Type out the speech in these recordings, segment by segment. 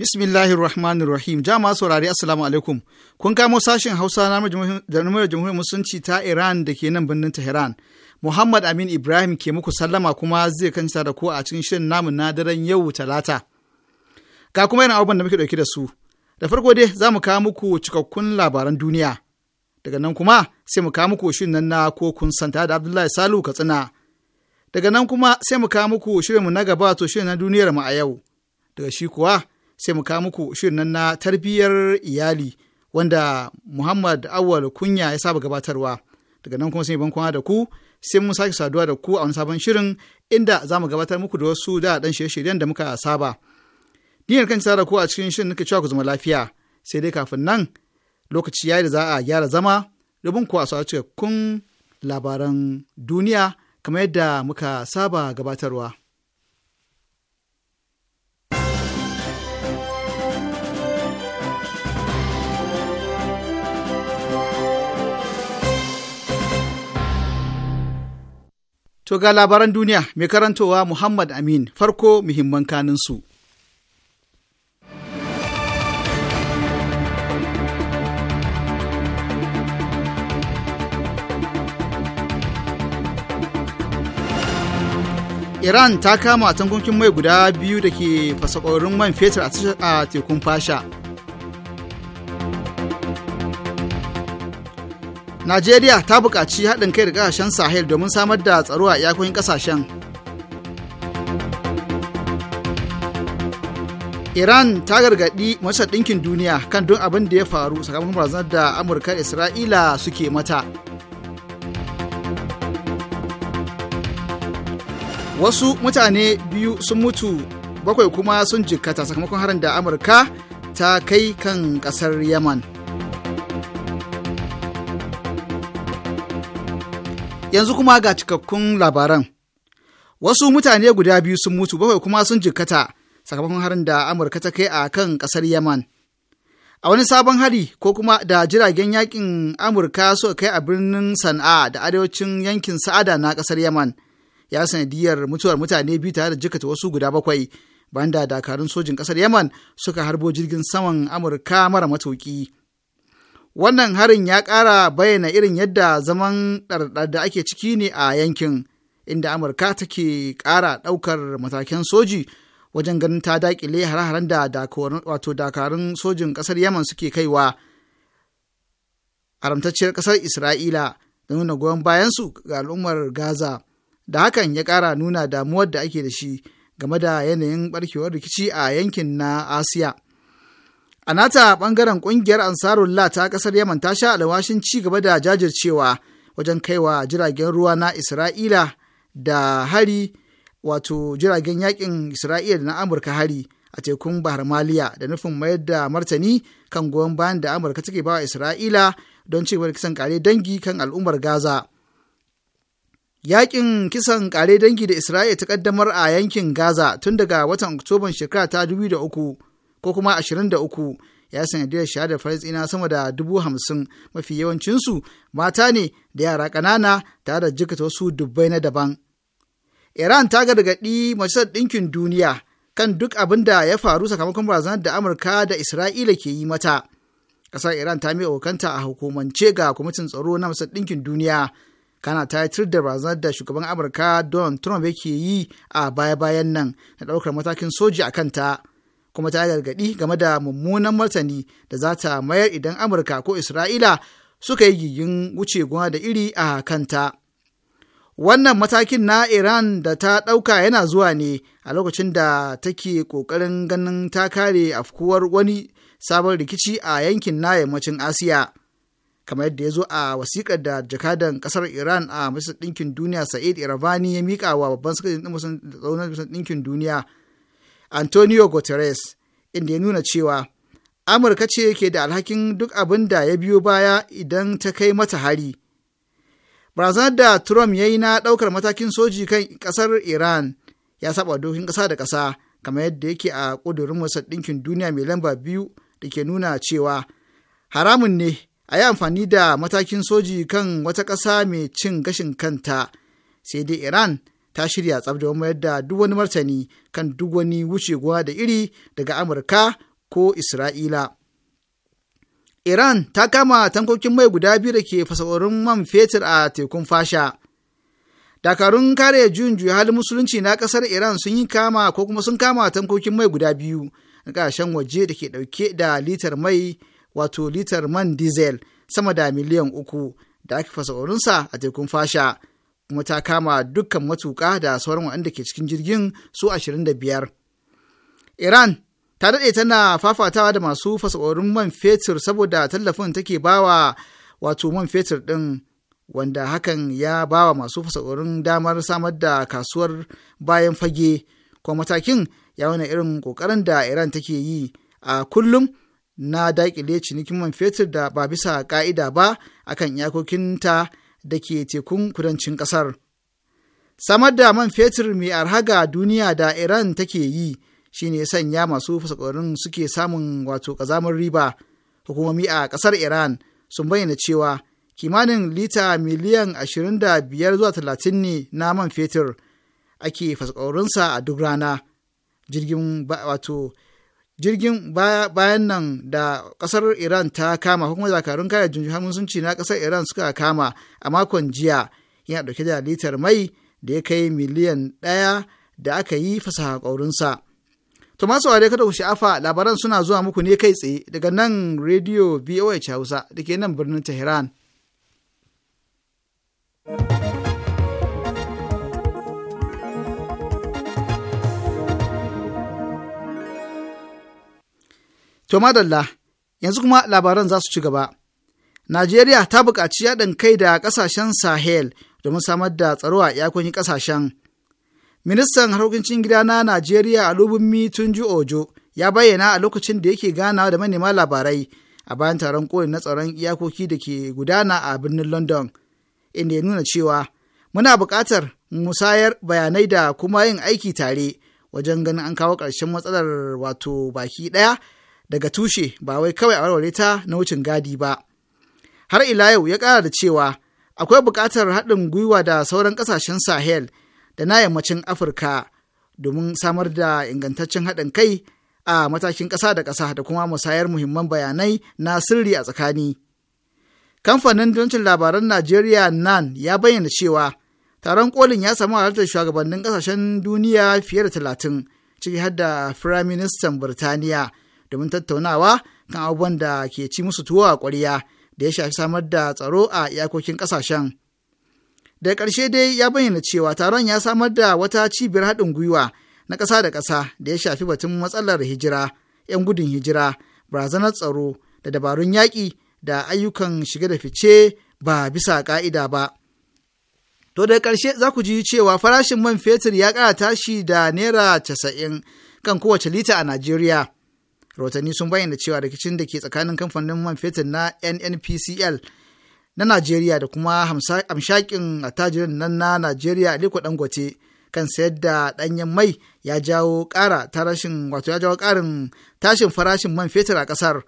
Bismillahir Rahmanir Rahim. Jama saurari Assalamu alaikum. Kun kamo sashin Hausa na Jamhuriyar Jamhuriyar Musulunci ta Iran da ke nan birnin Tehran. Muhammad Amin Ibrahim ke muku sallama kuma zai kanta da ku a cikin shirin namu na daren yau Talata. Ga kuma yana abubuwan da muke dauke da su. Da farko dai za mu kawo muku cikakkun labaran duniya. Daga nan kuma sai mu kawo muku shirin nan na ko kun santa da Abdullahi Salu Katsina. Daga nan kuma sai mu kawo muku shirin mu na gaba to shirin na duniyar mu a yau. Daga shi kuwa sai mu kawo muku shirin nan na tarbiyyar iyali wanda Muhammad Awal Kunya ya saba gabatarwa. Daga nan kuma sai ban kwana da ku sai mun sake saduwa da ku a wani sabon shirin inda za mu gabatar muku da wasu da dan shirye-shiryen da muka saba. Ni ne kan da ku a cikin shirin nake cewa ku zama lafiya sai dai kafin nan lokaci yayi da za a gyara zama rubun ku a cikakkun labaran duniya kamar yadda muka saba gabatarwa. To ga labaran duniya mai karantowa Muhammad Amin farko muhimman kaninsu. Iran ta kama tankokin mai guda biyu da ke fasakorin man fetur a tekun fasha. Najeriya ta buƙaci haɗin kai da ƙasashen Sahel domin samar da tsaro a iyakokin ƙasashen. Iran ta gargaɗi masa Ɗinkin Duniya kan don abin da ya faru sakamakon barazanar da Amurka da Isra'ila suke mata. Wasu mutane biyu sun mutu bakwai kuma sun jikkata sakamakon harin da Amurka ta kai kan ƙasar Yaman. Yanzu kuma ga cikakkun labaran. Wasu mutane guda biyu sun mutu bakwai kuma sun jikkata sakamakon harin da Amurka ta kai a kan ƙasar Yaman. A wani sabon hari ko kuma da jiragen yakin Amurka suka kai a birnin Sana'a da arewacin yankin Sa'ada na ƙasar Yaman. Ya sanadiyar mutuwar mutane biyu tare da jikata wasu guda bakwai. banda dakarun sojin ƙasar Yaman suka harbo jirgin saman Amurka mara matuƙi. Wannan harin ya ƙara bayyana irin yadda zaman ɗarɗar da ake ciki ne a yankin, inda Amurka take ƙara ɗaukar matakin soji wajen ganin ta daƙile hare-haren da wato dakarun sojin ƙasar Yaman suke kaiwa. Haramtacciyar ƙasar Isra'ila da nuna goyon bayansu ga al'ummar Gaza, da hakan ya ƙara nuna damuwar da ake da shi game da yanayin barkewar rikici a yankin na Asiya. A nata ɓangaren ƙungiyar Ansarullah ta ƙasar Yaman ta sha alwashin ci gaba da jajircewa wajen kaiwa jiragen ruwa na Isra'ila da hari wato jiragen yakin Isra'ila da na Amurka hari a tekun Bahar Maliya da nufin mayar da martani kan goyon bayan da Amurka take bawa Isra'ila don ci gaba kisan kare dangi kan al'ummar Gaza. Yakin kisan kare dangi da Isra'ila ta kaddamar a yankin Gaza tun daga watan Oktoban shekara ta uku. ko kuma 23 ya sanadiyar shahadar falastina sama da dubu hamsin mafi yawancinsu mata ne da yara ƙanana tare da jikata wasu dubbai na daban. Iran ta gargaɗi Majalisar Ɗinkin Duniya kan duk abin da ya faru sakamakon barazanar da Amurka da Isra'ila ke yi mata. Ƙasar Iran ta miƙa kokanta a hukumance ga kwamitin tsaro na Majalisar Ɗinkin Duniya. Kana ta da barazanar da shugaban Amurka Donald Trump yake yi a baya-bayan nan na ɗaukar matakin soji a kanta. kuma ta gargaɗi game da mummunan martani da za ta mayar idan Amurka ko Isra'ila suka yi gigin wuce gona da iri a kanta. Wannan matakin na Iran da ta ɗauka yana zuwa ne a lokacin da take ƙoƙarin ganin ta kare afkuwar wani sabon rikici a yankin na yammacin Asiya. Kamar yadda ya zo a wasiƙar da jakadan ƙasar Iran a Majalisar Ɗinkin Duniya Sa'id Iravani ya miƙa wa babban sakataren Ɗinkin Duniya Antonio Guterres, inda ya nuna cewa Amurka ce ke da alhakin duk abin da ya biyo baya idan ta kai mata hari. Barazanar da Trump ya yi na ɗaukar matakin soji kan ƙasar Iran ya saba dokin ƙasa da ƙasa kamar yadda yake a ƙudurin wasan Ɗinkin Duniya mai lamba biyu da ke nuna cewa haramun ne a yi amfani da matakin soji kan wata ƙasa mai cin gashin kanta sai dai Iran ta shirya tsab da mayar da duk wani martani kan duk wani wuce guwa da iri daga Amurka ko Isra'ila. Iran ta kama tankokin mai guda biyu da ke fasahorin man fetur a tekun fasha. Dakarun kare juyin juya halin musulunci na ƙasar Iran sun yi kama ko kuma sun kama tankokin mai guda biyu na ƙasashen waje da ke ɗauke da litar mai wato litar man diesel sama da miliyan uku da ake fasahorinsa a tekun fasha. kuma ta kama dukkan matuƙa da sauran waɗanda ke cikin jirgin su 25. Iran ta daɗe tana fafatawa da masu fasakorin man fetur saboda tallafin take bawa wato man fetur ɗin wanda hakan ya bawa masu fasakorin damar samar da kasuwar bayan fage kuma matakin ya wani irin ƙoƙarin da Iran take yi a kullum na daƙile cinikin man fetur da ba bisa ƙa'ida ba akan iyakokinta da ke tekun kudancin ƙasar. Samar da man fetur mai arhaga duniya da Iran take yi shi ne sanya masu fasakorin suke samun wato ƙazamar riba. Hukumomi a ƙasar Iran sun bayyana cewa kimanin lita miliyan 25 zuwa 30 ne na man fetur ake fasakorinsa a duk rana. Jirgin wato jirgin bayan nan da kasar Iran ta kama kuma zakarun kare jinjin sun ci na kasar Iran suka kama a makon jiya yana dauke da litar mai da ya kai miliyan ɗaya da aka yi fasaha ƙaurinsa. To masu ware kada ku sha'afa labaran suna zuwa muku ne kai tsaye daga nan Radio VOH Hausa da ke nan birnin Tehran. To madalla, yanzu kuma labaran za su ci gaba. Najeriya ta buƙaci yaɗin kai da ƙasashen Sahel domin samar da tsaro a iyakokin ƙasashen. Ministan harkokin gida na Najeriya a Tunji Ojo ya bayyana a lokacin da yake gana da manema labarai a bayan taron kolin na tsaron iyakoki da ke gudana a birnin London, inda ya nuna cewa muna buƙatar musayar bayanai da kuma yin aiki tare wajen ganin an kawo ƙarshen matsalar wato baki ɗaya daga tushe ba wai kawai a warware ta na wucin gadi ba. Har ila yau ya ƙara da cewa akwai buƙatar haɗin gwiwa da sauran ƙasashen Sahel da na yammacin Afirka domin samar da ingantaccen haɗin kai a matakin ƙasa da ƙasa da kuma musayar muhimman bayanai na sirri a tsakani. Kamfanin dillancin labaran Najeriya NAN ya bayyana cewa taron kolin ya samu halartar shugabannin ƙasashen duniya fiye da talatin ciki har da Firaministan Birtaniya domin tattaunawa kan abubuwan da ke ci musu tuwo a ƙwariya da ya shafi samar da tsaro a iyakokin ƙasashen. Da ƙarshe dai ya bayyana cewa taron ya samar da wata cibiyar haɗin gwiwa na ƙasa da ƙasa da ya shafi batun matsalar hijira, 'yan gudun hijira, barazanar tsaro da dabarun yaƙi da ayyukan shiga da fice ba bisa ƙa'ida ba. To da ƙarshe za ku ji cewa farashin man fetur ya ƙara tashi da Naira casa'in kan kowace lita a Najeriya. rahotanni sun bayyana cewa rikicin da ke tsakanin kamfanin man fetur na nnpcl na najeriya da kuma hamshakin attajirin nan na najeriya aliko dangote kan sayar da danyen mai ya jawo kara ta rashin wato ya jawo karin tashin farashin man fetur a kasar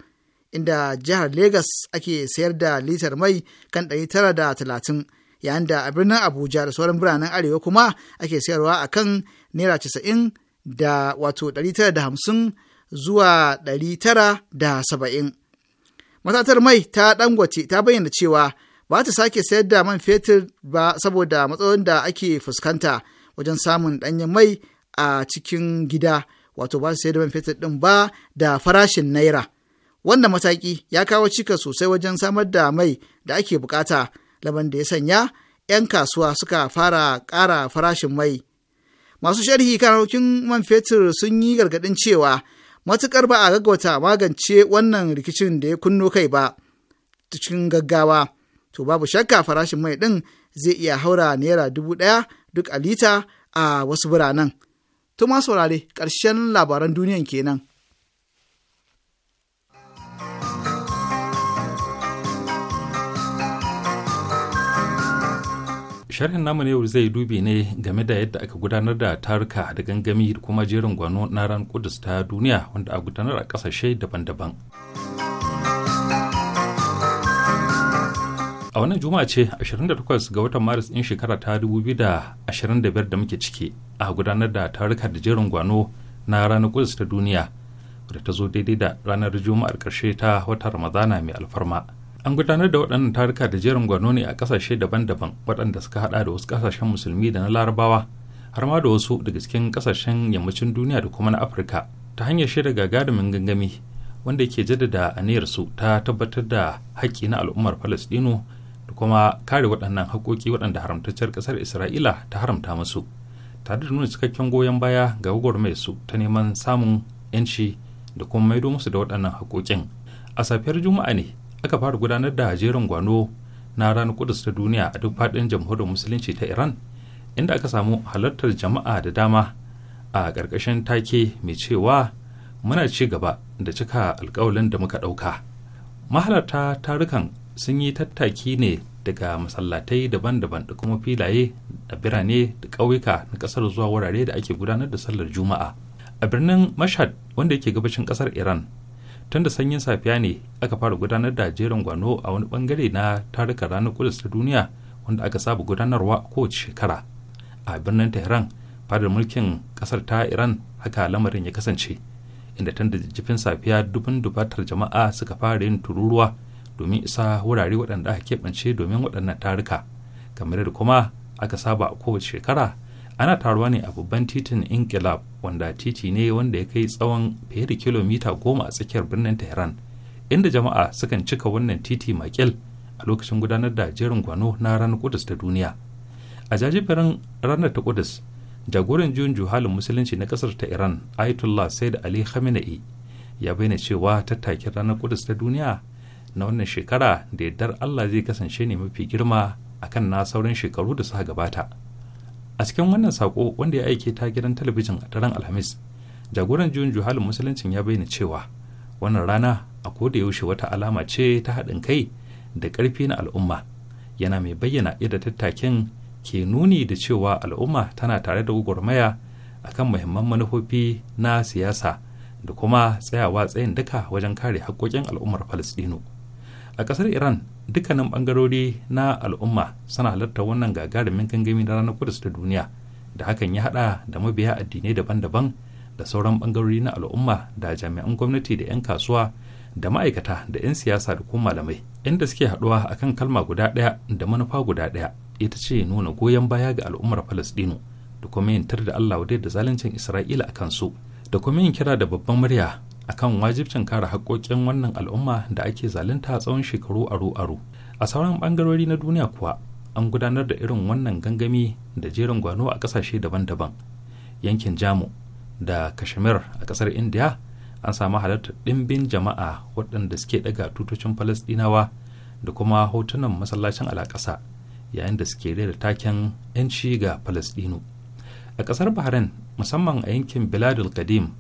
inda jihar Legas ake sayar da litar mai kan ɗari tara da talatin yayin da a birnin Abuja da sauran biranen Arewa kuma ake sayarwa a kan naira casa'in da wato ɗari tara da hamsin zuwa ɗari tara da saba'in. Matatar mai ta ɗangwace ta bayyana cewa ba ta sake sayar da man fetur ba saboda matsalolin da ake fuskanta wajen samun ɗanyen mai a cikin gida wato ba su sayar da man fetur ɗin ba da farashin naira. Wannan mataki ya kawo cika sosai wajen samar da mai da ake bukata laban da ya sanya 'yan kasuwa suka fara ƙara farashin mai. Masu sharhi kan man fetur sun yi gargaɗin cewa matuƙar ba a gaggauta magance wannan rikicin da ya kunno kai ba cikin gaggawa to babu shakka farashin mai ɗin zai iya haura naira dubu ɗaya duk a lita a wasu biranen. To ƙarshen labaran duniyan kenan. sharhin namu yau zai dubi ne game da yadda aka gudanar da taruka da gangami da kuma jerin gwano na ran kudus ta duniya wanda a gudanar a kasashe daban-daban a wannan juma'a ce 28 ga watan maris in shekara ta 2025 da muke ciki a gudanar da taruka da jerin gwano na ranar kudus ta duniya wadda ta zo daidai da ranar juma'ar karshe ta wata ramadana mai alfarma an gudanar da waɗannan taruka da jerin gwano ne a ƙasashe daban-daban waɗanda suka haɗa da wasu ƙasashen musulmi da na larabawa har ma da wasu daga cikin ƙasashen yammacin duniya da kuma na afirka ta hanyar shirya gagarumin gangami wanda ke jaddada aniyarsu ta tabbatar da haƙƙi na al'ummar falastino da kuma kare waɗannan haƙoƙi waɗanda haramtacciyar ƙasar isra'ila ta haramta musu tare da nuna cikakken goyon baya ga mai su ta neman samun 'yanci da kuma maido musu da waɗannan haƙoƙin a safiyar juma'a ne aka fara gudanar da jerin gwano na ranar kudus ta duniya a duk faɗin jamhuriyar musulunci ta iran inda aka samu halartar jama'a da dama a ƙarƙashin take mai cewa muna ci gaba da cika alkawalin da muka ɗauka mahalarta tarukan sun yi tattaki ne daga masallatai daban-daban da kuma filaye da birane da ƙauyuka na ƙasar zuwa wurare da ake gudanar da sallar juma'a a birnin mashhad wanda yake gabashin ƙasar iran tun da sanyin safiya ne aka fara gudanar da jerin gwano a wani bangare na tarukan ranar kudus ta duniya wanda aka saba gudanarwa kowace shekara a birnin tehran fadar mulkin kasar ta iran haka lamarin ya kasance inda tun da jifin safiya dubin dubatar jama'a suka fara yin tururuwa domin isa wurare waɗanda aka keɓance domin waɗannan taruka kamar da kuma aka saba kowace shekara ana taruwa ne a babban titin inkilab wanda titi ne wanda ya kai tsawon fiye da kilomita goma a tsakiyar birnin tehran inda jama'a sukan cika wannan titi makil a lokacin gudanar da jerin gwano na ranar kudus ta duniya a jajiberin ranar ta kudus jagoran juyin juhalin musulunci na kasar ta iran ayatollah said ali khamenei ya bayyana cewa tattakin ranar kudus ta duniya na wannan shekara da yardar allah zai kasance ne mafi girma akan na sauran shekaru da suka gabata a cikin wannan sako wanda ya aike ta gidan talabijin a daren alhamis jagoran juyin juhalin musuluncin ya bayyana cewa wannan rana a koda yaushe wata alama ce ta haɗin kai da ƙarfi na al'umma yana mai bayyana yadda tattakin ke nuni da cewa al'umma tana tare da gwagwarmaya akan muhimman manufofi na siyasa da kuma tsayawa tsayin duka wajen kare haƙƙoƙin al'ummar falastinu a ƙasar iran dukkanin bangarori na al'umma suna halarta wannan gagarumin gangami na ranar kudus ta duniya da hakan ya hada da mabiya addinai daban-daban da sauran bangarori na al'umma da jami'an gwamnati da 'yan kasuwa da ma'aikata da 'yan siyasa da kuma malamai inda suke haduwa akan kalma guda ɗaya da manufa guda ɗaya ita ce nuna goyon baya ga al'ummar falastinu da kuma yin tar da allah wadai da zaluncin isra'ila a kansu da kuma yin kira da babban murya akan wajibcin kare haƙoƙin wannan al'umma da ake zalunta tsawon shekaru aro-aro a sauran ɓangarori na duniya kuwa an gudanar da irin wannan gangami da jerin gwano a ƙasashe daban-daban yankin jamu da kashmir a ƙasar indiya an samu halartar ɗimbin jama'a waɗanda suke ɗaga tutocin falasɗinawa da kuma hotunan masallacin alaƙasa yayin da suke rera taken 'yanci ga falasɗinu a ƙasar bahrain musamman a yankin biladul kadim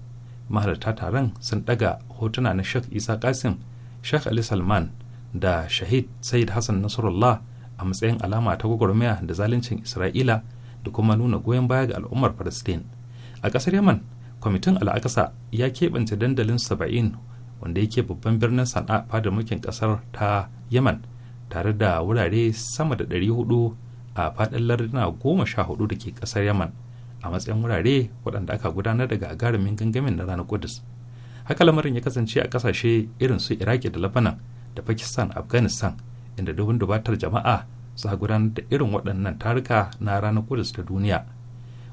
mahalarta taron sun daga hotuna na sheikh isa kasim sheikh ali salman da shahid sayyid hassan nasrullah a matsayin alama ta gwagwarmaya da zaluncin isra'ila da kuma nuna goyon baya ga al'ummar palestine a ƙasar yaman kwamitin al'akasa ya keɓance dandalin saba'in wanda yake babban birnin sana'a fadar mulkin kasar ta yaman tare da wurare sama da 400 a faɗin larduna goma sha hudu da ke kasar yaman a matsayin wurare waɗanda aka gudanar da gagarumin gangamin na ranar kudus haka lamarin ya kasance a kasashe irin su iraki da labanan da pakistan afghanistan inda dubin dubatar jama'a suka gudanar da irin waɗannan taruka na ranar kudus ta duniya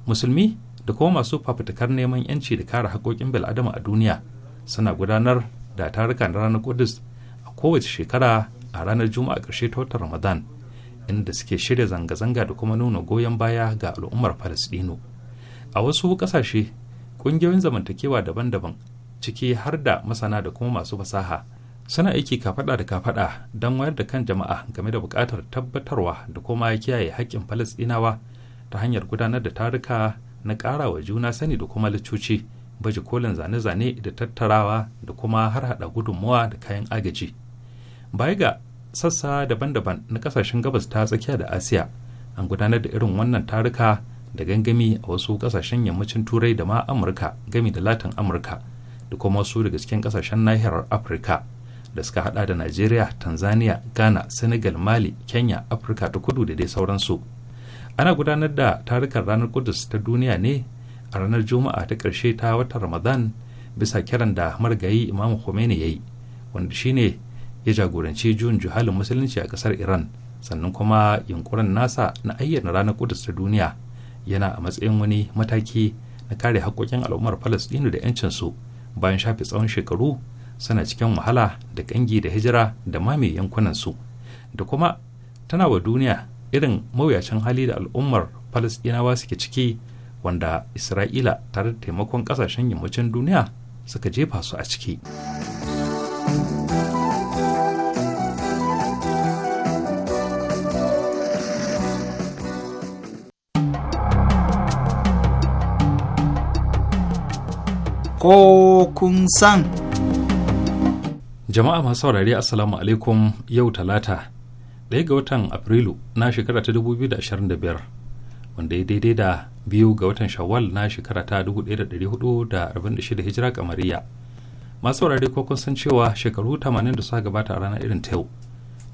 musulmi da kuma masu fafutukar neman yanci da kare haƙoƙin bil'adama a duniya suna gudanar da taruka na ranar kudus a kowace shekara a ranar juma'a ƙarshe ta watan ramadan inda suke shirya zanga-zanga da kuma nuna goyon baya ga al'ummar falasɗinu a wasu ƙasashe ƙungiyoyin zamantakewa daban-daban ciki har da masana da kuma masu fasaha suna aiki kafaɗa da kafaɗa don wayar da kan jama'a game da buƙatar tabbatarwa da kuma kiyaye haƙƙin falasɗinawa ta hanyar gudanar da taruka na ƙara wa juna sani da kuma licoci baje kolin zane-zane da tattarawa da kuma har hada gudunmuwa da kayan agaji baya ga sassa daban-daban na ƙasashen gabas ta tsakiya da asiya an gudanar da irin wannan taruka da gangami a wasu kasashen yammacin turai da ma amurka gami da latin amurka da kuma wasu daga cikin kasashen nahiyar afirka da suka hada da najeriya tanzania ghana senegal mali kenya afirka ta kudu da dai sauransu ana gudanar da tarukan ranar kudus ta duniya ne a ranar juma'a ta karshe ta watan ramadan bisa kiran da margayi imamu khomeini ya yi wanda shine ya jagoranci juyin juhalin musulunci a kasar iran sannan kuma yunkurin nasa na ayyana ranar kudus ta duniya yana a matsayin wani mataki na kare haƙoƙin al'ummar falastinu da 'yancinsu bayan shafe tsawon shekaru suna cikin wahala da ƙangi da hijira da mame yankunansu da kuma tana wa duniya irin mawuyacin hali da al'ummar falastinawa suke ciki wanda isra'ila tare da taimakon ƙasashen yammacin duniya suka jefa su a ciki. ko kun san. Jama'a masu saurari Assalamu alaikum yau talata ɗaya ga watan Afrilu na shekara ta 2025 wanda ya daidai da biyu ga watan Shawwal na shekara ta 1446 hijira kamariya. Masu saurari ko kun san cewa shekaru 80 da suka gabata a ranar irin ta yau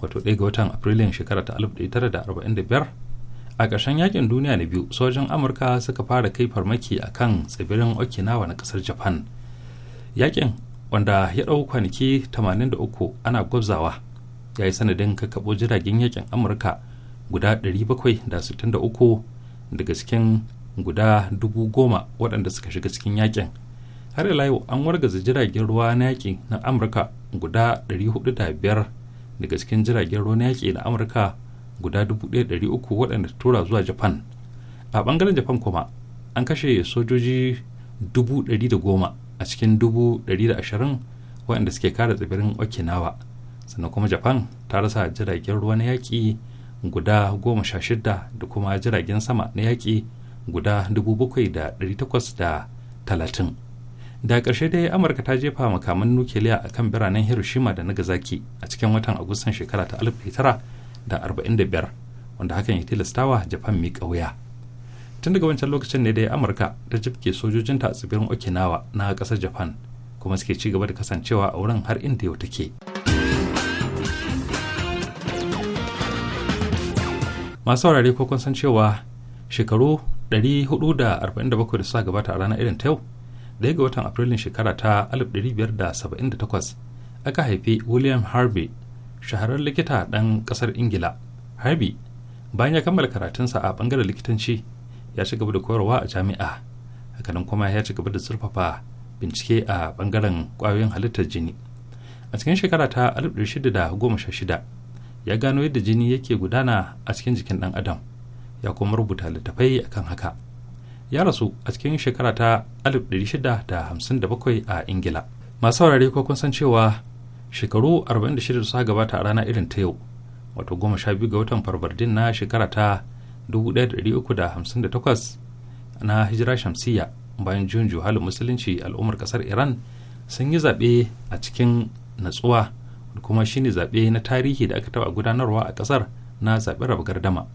wato ɗaya ga watan Afrilu shekara ta 1945 a ƙarshen yakin duniya na biyu sojin amurka suka fara kai farmaki a kan tsibirin okinawa na ƙasar japan yakin wanda ya ɗau kwanaki 83 ana gwabzawa ya yi sanadin kakkaɓo jiragen yakin amurka guda 763 daga cikin guda 10,000 waɗanda suka shiga cikin yakin har ila an wargaza jiragen ruwa na yaƙi na amurka guda 405 daga cikin jiragen ruwa na yaƙi na amurka guda 1,300 waɗanda tura zuwa japan a ɓangaren japan kuma an kashe sojoji 110,000 a cikin 120,000 waɗanda suke kare tsibirin okinawa sannan kuma japan ta rasa jiragen ruwa na yaƙi guda 16 da kuma jiragen sama na yaƙi guda 7,830 da ƙarshe dai amurka ta jefa makaman nukiliya a kan biranen hiroshima da nagasaki a cikin watan agustan shekara ta tara. da biyar wanda hakan ya tilastawa japan miƙa wuya tun daga wancan lokacin ne dai amurka ta jibke sojojinta a tsibirin okinawa na ƙasar japan kuma suke ci gaba da kasancewa a wurin har inda yau take masu saurare ko kun san cewa shekaru 447 da suka gabata a ranar irin ta yau daya ga watan afrilun shekara ta 1578 aka haifi william harvey shaharar likita ɗan ƙasar ingila harbi bayan ya kammala karatunsa a ɓangaren likitanci ya ci gaba da koyarwa a jami'a hakanan kuma ya ci gaba da zurfafa bincike a ɓangaren ƙwayoyin halittar jini a cikin shekara ta 1616 ya gano yadda jini yake gudana a cikin jikin ɗan adam ya kuma rubuta littattafai kan haka ya rasu a cikin shekara ta 1657 a ingila masu saurare ko kun san cewa shekaru 46 da suka gabata a rana irin ta yau wato 12 ga watan farbardin na shekara ta 1358 na hijira shamsiyya bayan juyin juhalin musulunci al'ummar kasar iran sun yi zaɓe a cikin natsuwa kuma shine zaɓe na tarihi da aka taɓa gudanarwa a kasar na zaɓen raba gardama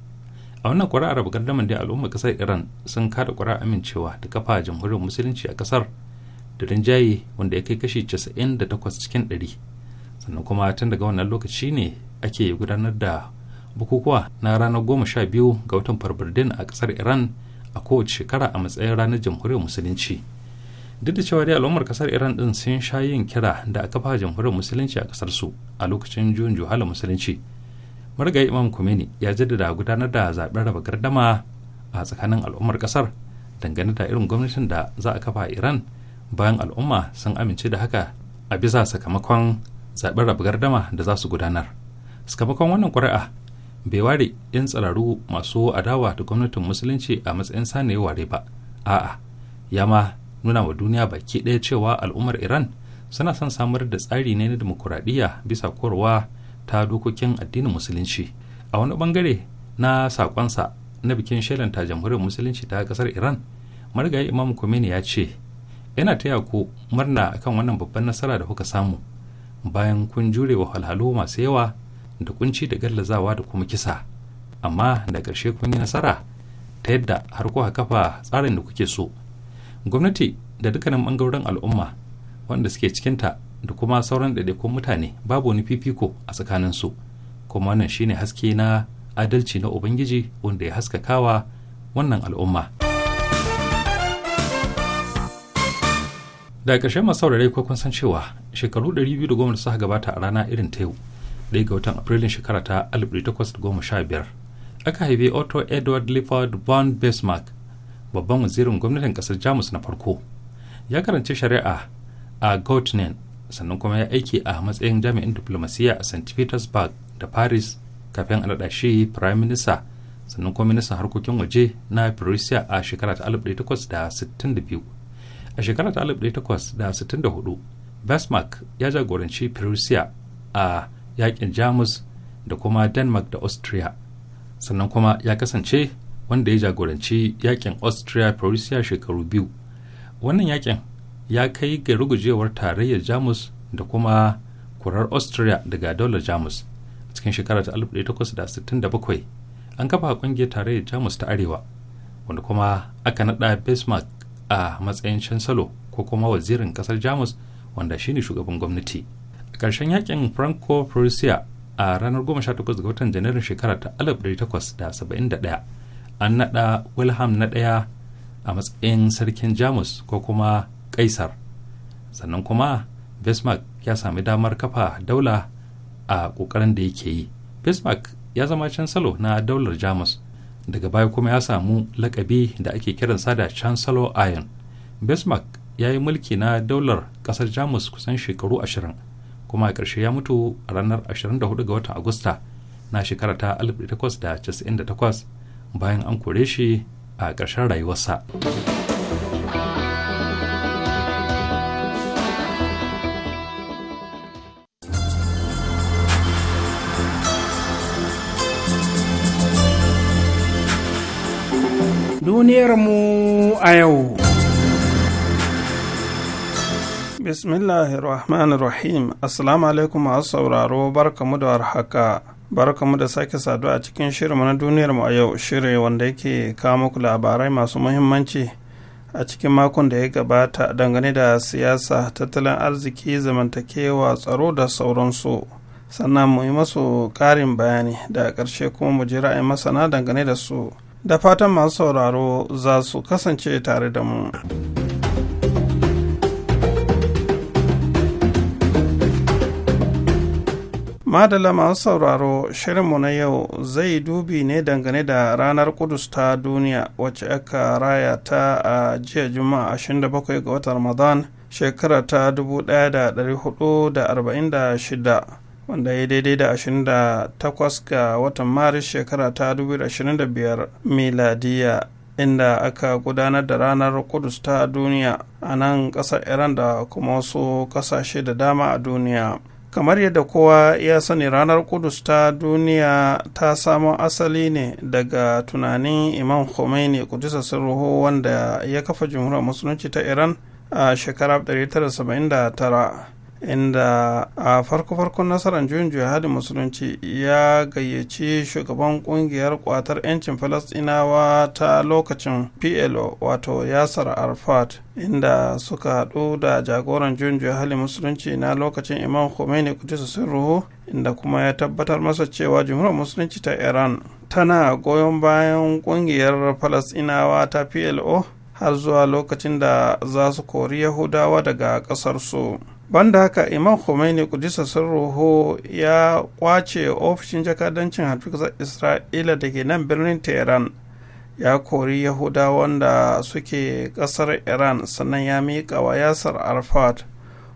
a wannan ƙuri'ar raba gardaman da al'ummar kasar iran sun kada ƙuri'ar amincewa da kafa jamhuriyar musulunci a kasar da rinjaye wanda ya kai kashi 98 cikin sannan kuma tun daga wannan lokaci ne ake gudanar da bukukuwa na ranar goma sha biyu ga watan farbardin a kasar iran a kowace shekara a matsayin ranar jamhuriyar musulunci duk da cewa dai al'ummar kasar iran din sun sha yin kira da aka fa jamhuriyar musulunci a kasar su a lokacin juyin juhala musulunci marigayi imam kumeni ya jaddada gudanar da zaben raba gardama a tsakanin al'ummar kasar dangane da irin gwamnatin da za a kafa a iran bayan al'umma sun amince da haka a bisa sakamakon zaɓen rabgar dama da za su gudanar sakamakon wannan ƙuri'a bai ware 'yan tsararu masu adawa da gwamnatin musulunci a matsayin sane ware ba a'a ya ma nuna wa duniya baki ɗaya cewa al'ummar iran suna son samar da tsari ne na demokuraɗiyya bisa korwa ta dokokin addinin musulunci a wani bangare na sakonsa na bikin shelanta jamhuriyar musulunci ta ƙasar iran marigayi imam khomeini ya ce yana taya ku murna akan wannan babban nasara da kuka samu bayan kun jure wa halhalu masu yawa da kunci da gallazawa da kuma kisa amma da ƙarshe kun yi nasara ta yadda har haka kafa tsarin da kuke so gwamnati da dukkanin ɓangarorin al'umma wanda suke cikinta da kuma sauran ɗaiɗaikun mutane babu wani fifiko a tsakanin su kuma wannan shine haske na adalci na ubangiji wanda ya haskakawa wannan al'umma. da ƙarshe masu saurare ko kun san cewa shekaru 210 suka gabata a rana irin ta yau dai ga watan afrilun shekara ta 1815 aka haifi otto edward lifford von bismarck babban wazirin gwamnatin ƙasar jamus na farko ya karanci shari'a a gottingen sannan kuma ya aiki a matsayin jami'in diplomasiya a st petersburg da paris kafin a naɗa shi prime minister sannan kuma ministan harkokin waje na prussia a shekara ta 1862 a shekarar ta 1864 bismarck ya jagoranci prussia a yakin jamus da kuma denmark da austria sannan kuma ya kasance wanda ya jagoranci yakin austria prussia shekaru biyu wannan yakin ya kai ga rugujewar tarayyar jamus da kuma kurar austria daga dollar jamus cikin shekarar 1867 an kafa kungiyar tarayyar jamus ta arewa wanda kuma aka naɗa bismarck a matsayin cansalo ko kuma wazirin kasar jamus wanda shine shugaban gwamnati a ƙarshen yakin franco prussia a ranar 18 ga watan janairun shekara ta 1871 an nada wilhelm na daya a matsayin sarkin jamus ko kuma kaisar sannan kuma bismarck ya sami damar kafa daula a kokarin da yake yi bismarck ya zama cansalo na daular jamus daga baya kuma ya samu lakabi da ake kiran kiransa da chancellor iron bismarck ya yi mulki na daular kasar jamus kusan shekaru ashirin kuma a ƙarshe ya mutu a ranar 24 ga watan agusta na shekara ta 1898 bayan an kore shi a ƙarshen rayuwarsa. duniyarmu a yau. Bismillahirrahmanirrahim. Assalamu alaikum masu sauraro barkamu da warhaka. Barkamu da sake saduwa a cikin shirinmu na duniyarmu a yau shirin wanda yake kawo muku labarai masu muhimmanci a cikin makon da ya gabata dangane da siyasa, tattalin arziki, zamantakewa, tsaro da sauransu. Sannan mu yi masu ƙarin bayani da ƙarshe kuma mu ji ra'ayin masana dangane da su. da fatan masu sauraro za su kasance tare da mu. Madala masu sauraro shirinmu na yau zai dubi ne dangane da ranar kudus ta duniya wacce aka raya ta a jiya juma'a 27 ga watan Ramadan shekara ta 1446 wanda ya daidai da 28 ga watan maris shekara ta 2025 miladiya inda aka gudanar da ranar kudus ta duniya a nan kasar iran da kuma wasu kasashe da dama a duniya kamar yadda kowa ya sani ranar kudus ta duniya ta samo asali ne daga tunanin imam khomeini kudusa sirruhu wanda ya kafa jumhuriyar musulunci ta iran a shekara inda a farko-farkon nasarar juyin jihadin musulunci ya gayyaci shugaban kungiyar kwatar 'yancin falastinawa ta lokacin plo wato yasar arfat inda suka haɗu da jagoran juyin jihadin musulunci na lokacin imam khomeini kudisu sun ruhu inda kuma ya tabbatar masa cewa jumhuriyar musulunci ta iran tana goyon bayan kungiyar falastinawa ta plo har zuwa lokacin da za su kori yahudawa daga ƙasarsu. su banda haka imam khomeini kudisa roho ya kwace ofishin jakadancin hafiza isra'ila da ke nan birnin tehran ya kori yahuda wanda suke kasar iran sannan ya miƙa wa yasar arfat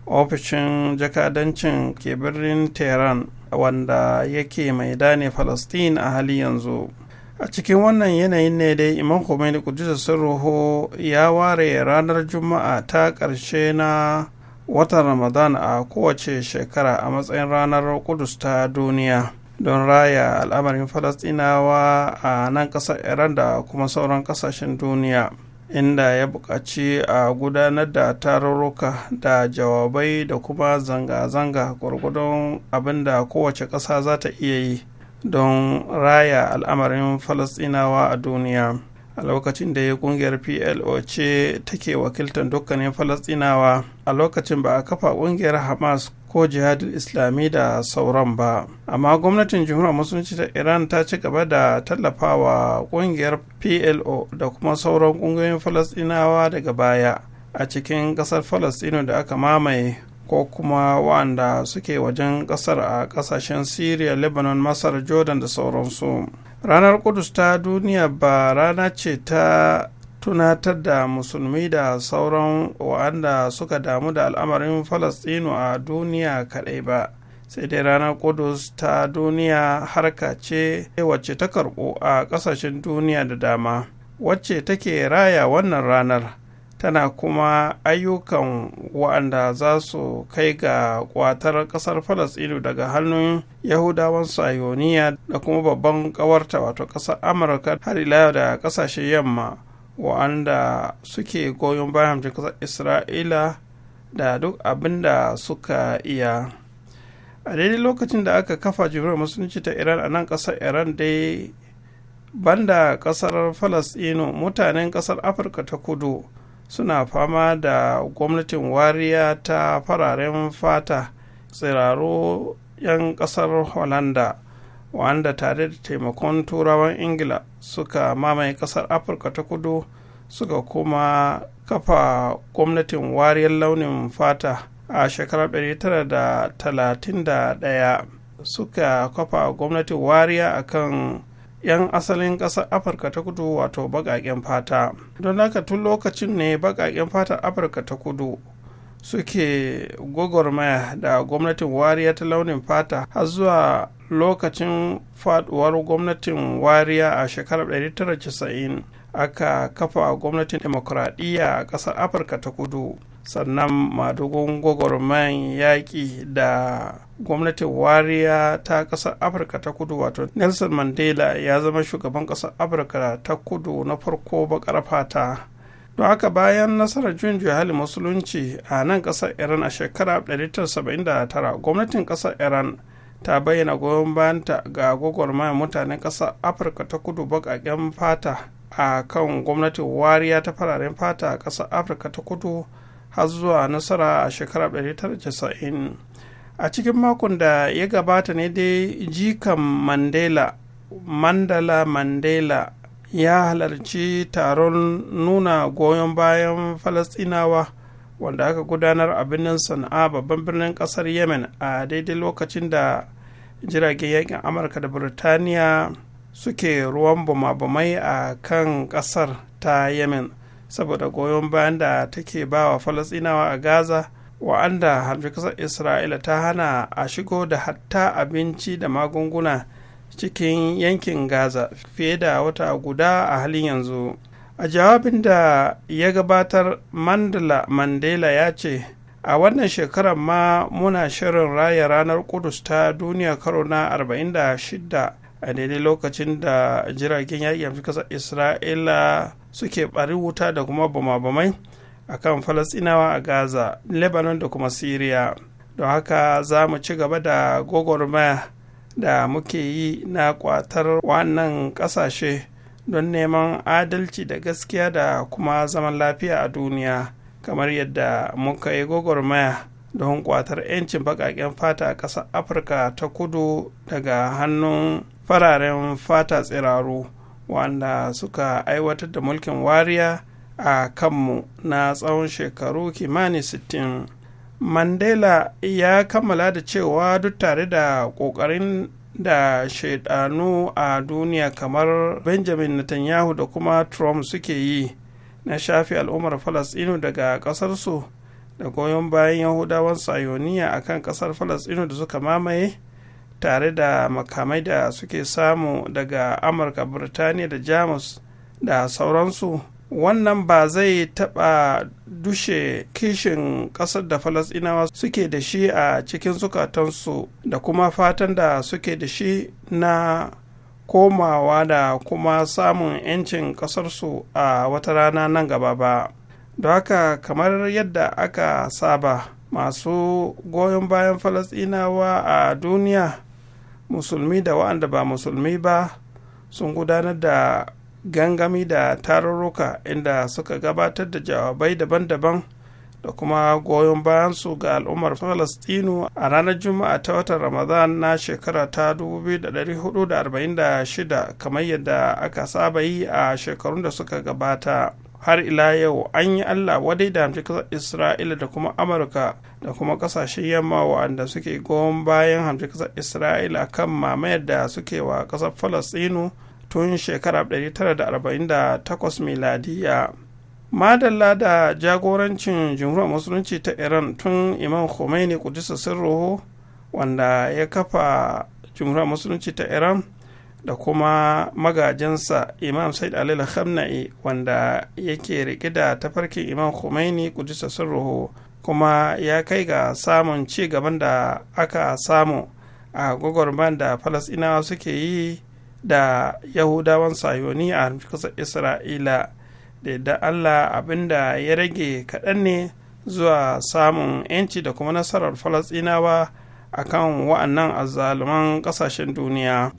ofishin jakadancin ke birnin tehran wanda yake mai dane falastin a hali yanzu a cikin wannan yanayin ne dai imam khomeini kudisa roho ya ware ranar juma'a ta karshe na watan ramadan a kowace shekara a matsayin ranar kudus ta duniya don raya al'amarin falastinawa a nan kasar iran da kuma sauran ƙasashen duniya inda ya buƙaci a gudanar da tarurruka da jawabai da kuma zanga-zanga gwargwadon abin da kowace ƙasa za ta iya yi don raya al'amarin falastinawa a duniya. a lokacin da ya kungiyar plo ce take wakiltar dukkanin falastinawa a lokacin ba a kafa kungiyar hamas ko jihadin islami da sauran ba amma gwamnatin jamhuriyar musulunci ta iran ta ci gaba da tallafawa kungiyar plo da kuma sauran kungiyoyin falastinawa daga baya a cikin kasar falastino da aka mamaye ko kuma waɗanda suke wajen ƙasar a kasashen syria lebanon masar jordan da sauransu ranar kudus ta duniya ba rana ce ta tunatar da musulmi da sauran wa'anda suka damu da al'amarin falastinu a duniya kaɗai ba sai dai ranar kudus ta duniya harka ce wacce ta karɓo a ƙasashen duniya da dama wacce take raya wannan ranar tana kuma ayyukan waɗanda za su kai ga kwatar ƙasar falasɗinu daga hannun yahudawan sayoniya da kuma babban ƙawarta wato ƙasar amurka har ila da ƙasashen yamma waɗanda suke goyon bayan ƙasar isra'ila da duk abin da suka iya a daidai lokacin da aka kafa jimhuriyar musulunci ta iran a nan ƙasar iran dai banda ƙasar falasɗinu mutanen ƙasar afirka ta kudu suna fama da gwamnatin wariya ta fararen fata tsiraro 'yan kasar holanda wanda tare da taimakon turawan ingila suka mamaye kasar afirka ta kudu suka kuma kafa gwamnatin wariyar launin fata a shekarar 1931 suka kafa gwamnatin wariya akan 'yan asalin ƙasar afirka ta kudu wato baƙaƙen fata don haka tun lokacin ne baƙaƙen fatar afirka ta kudu suke gwagwarmaya da gwamnatin wariya ta launin fata har zuwa lokacin faduwar gwamnatin wariya a shekarar 1990 aka kafa gwamnatin demokuraɗiyya a ƙasar afirka ta kudu sannan madugun gwagwarmayan yaƙi da gwamnatin wariya ta ƙasar afirka ta kudu wato nelson mandela ya zama shugaban ƙasar afirka ta kudu na farko bakar fata don haka bayan nasarar juyin hali musulunci a nan ƙasar iran a shekara 1979 gwamnatin ƙasar iran ta bayyana goyon bayanta ga gwagwarmayar mutanen ƙasar afirka ta kudu baƙaƙen fata a kan gwamnatin wariya ta fararen fata a ƙasar afirka ta kudu har zuwa nasara a shekarar 1990 a cikin makon da ya gabata ne dai jikan mandela mandala mandela ya halarci taron nuna goyon bayan falastinawa wanda aka gudanar a birnin sana'a babban birnin kasar yemen a daidai lokacin da jiragen yakin amurka da birtaniya suke ruwan bama a kan kasar ta yemen saboda goyon bayan da take ba wa falasinawa a gaza wa'anda kasar isra'ila ta hana a shigo da hatta abinci da magunguna cikin yankin gaza fiye da wata guda a halin yanzu a jawabin da ya gabatar mandela mandela ya ce a wannan shekarar ma muna shirin raya ranar kudus ta duniya karo na 46 a daidai lokacin da jiragen yaƙi amfi kasar isra'ila suke ɓari wuta da kuma bama-bamai a kan falasinawa a gaza lebanon da kuma syria don haka za mu ci gaba da gwagwarmaya da muke yi na kwatar wannan kasashe don neman adalci da gaskiya da kuma zaman lafiya a duniya kamar yadda muka yi gwagwarmaya don kwatar 'yancin baƙaƙen fata a ƙasar afirka ta kudu daga hannun fararen fata tsiraru wanda suka aiwatar da mulkin wariya a kanmu na tsawon shekaru kimanin sittin. mandela ya kammala da cewa duk tare da ƙoƙarin da shaidanu a duniya kamar benjamin netanyahu da kuma trump suke yi na shafi al'ummar falasɗinu daga ƙasarsu da goyon bayan yahudawan sayoniya a kan ƙasar falasɗinu da suka mamaye tare da makamai da suke samu daga amurka birtaniya da jamus da sauransu wannan ba zai taɓa dushe kishin ƙasar da falasɗinawa suke da shi a cikin zukatansu da kuma fatan da suke da shi na komawa da kuma samun 'yancin ƙasarsu a wata rana nan gaba ba da haka kamar yadda aka saba masu goyon bayan falasɗinawa a duniya musulmi da waɗanda ba musulmi ba sun gudanar da gangami da tarurruka inda suka gabatar da jawabai daban-daban da kuma goyon bayansu ga al'ummar falastinu a ranar juma'a ta watan ramadan na shekara ta 2446 kamar yadda aka saba yi a shekarun da suka gabata har ila yau an yi allah wadai da hamci kasar isra'ila da kuma amurka da kuma kasashen yamma wa'anda suke goyon bayan hamci kasar isra'ila kan mamayar da suke wa kasar falastinu tun shekarar 1948 miladiya madalla da jagorancin jumhuriyar musulunci ta iran tun imam khomeini kudisa sirruhu wanda ya kafa jumhuriyar musulunci ta iran da kuma magajinsa imam said ali khamna'i wanda yake rike da tafarkin imam khomeini kudisa sirruhu kuma ya kai ga samun ci gaban da aka samu a gwagwarmar da falasinawa suke yi da yahudawan sayoni a ƙasar isra'ila da yadda allah abinda ya rage kaɗan ne zuwa samun 'yanci da kuma nasarar falasinawa a kan wa'annan azzaluman ƙasashen duniya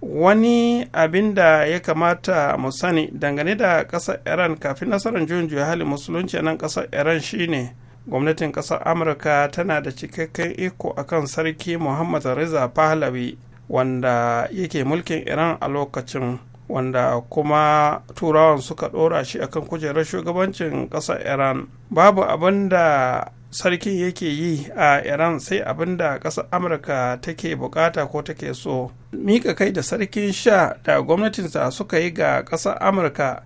wani abin da ya kamata mu sani dangane da ƙasar iran kafin nasarar juyin juya hali musulunci nan ƙasar iran shine gwamnatin ƙasar amurka tana da cikakken iko akan sarki muhammad reza pahlavi wanda yake mulkin iran a lokacin wanda kuma turawan suka ɗora shi akan kujerar shugabancin ƙasar iran babu abin da sarkin yake yi a iran sai abin da ƙasar amurka take bukata ko take so mika kai da sarkin sha da gwamnatinsa suka yi ga ƙasar amurka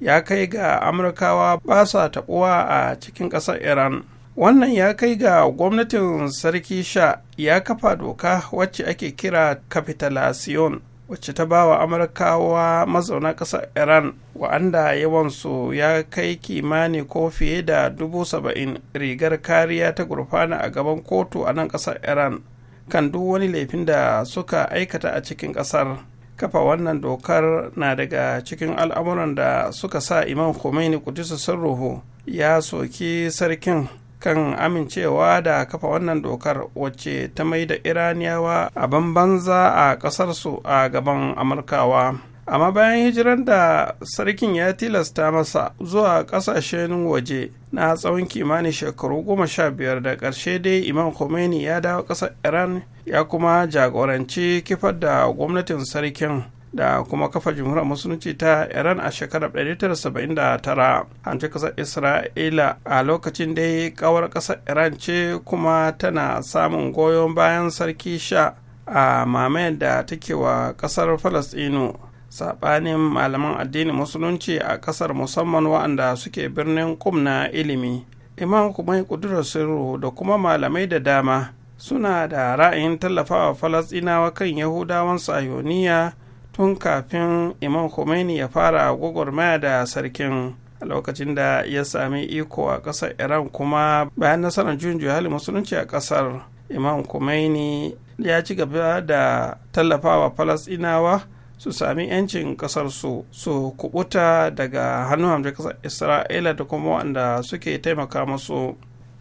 ya kai ga amurkawa ba sa taɓuwa a cikin ƙasar iran wannan ya kai ga gwamnatin sarki sha ya kafa doka wacce ake kira capitulation wacce ta ba wa amurkawa mazauna ƙasar iran wa'anda yawansu ya kai kimani ko fiye da dubu saba'in rigar kariya ta gurfana a gaban kotu a nan ƙasar iran kan duk wani laifin da suka aikata a cikin ƙasar kafa wannan dokar na daga cikin al'amuran da suka sa imam khomeini kudisa sarruhu ya soki sarkin kan amincewa da kafa wannan dokar wacce ta mai da iraniyawa a banza a kasarsu a gaban amurkawa amma bayan hijiran da sarkin ya tilasta masa zuwa kasashen waje na tsawon kimanin shekaru goma sha biyar da ƙarshe dai imam khomeini ya dawo kasar iran ya kuma jagoranci kifar da gwamnatin sarkin da kuma kafa jimhuriyar musulunci ta iran a shekarar 1979 hanci kasar isra'ila a lokacin dai kawar kasar iran ce kuma tana samun goyon bayan sarki sha a mamayar da take wa kasar falasɗinu saɓanin malaman addinin musulunci a ƙasar musamman waɗanda suke birnin kum na ilimi imam kuma ƙudurar sirru da kuma malamai da dama suna da ra'ayin tallafawa falasɗinawa kan yahudawan sayoniya tun kafin imam khomeini ya fara gwagwarmaya da sarkin a lokacin da ya sami iko a ƙasar iran kuma bayan nasarar juyin hali musulunci a ƙasar imam khomeini ya ci gaba da tallafawa falasɗinawa su sami 'yancin ƙasarsu su su kubuta daga hannun hamdar kasar isra'ila da kuma wanda suke taimaka musu